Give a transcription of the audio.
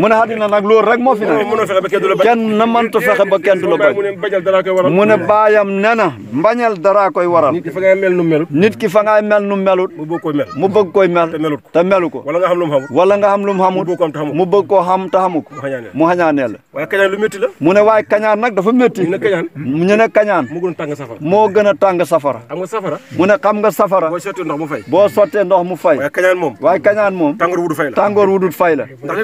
mu ne àddina nag loolu rek moo fi kenn na mënta fexe ba kenn du mu ne baayam nee na mbañal daraa koy waral nit ki fa ngay mel nu melut nit ki fa ngay mel nu melut mu bëgg koy mel mu bëgg koy mel te melu ko wala nga xam lu mu xamut wala nga xam lu mu xamut mu bëgg koo xam te xamu ko mu xañaanee la waaye kañaan lu métti la mu ne waaye kañaan nag dafa métti ñu ne kañaan moo gën a tàng safara moo gën a tàng safara xam nga safara mu ne xam nga safara boo sottee ndox mu fay boo sottee ndox mu fay waaye kañaan moom waaye kañaan moom tàngoor wudul fay la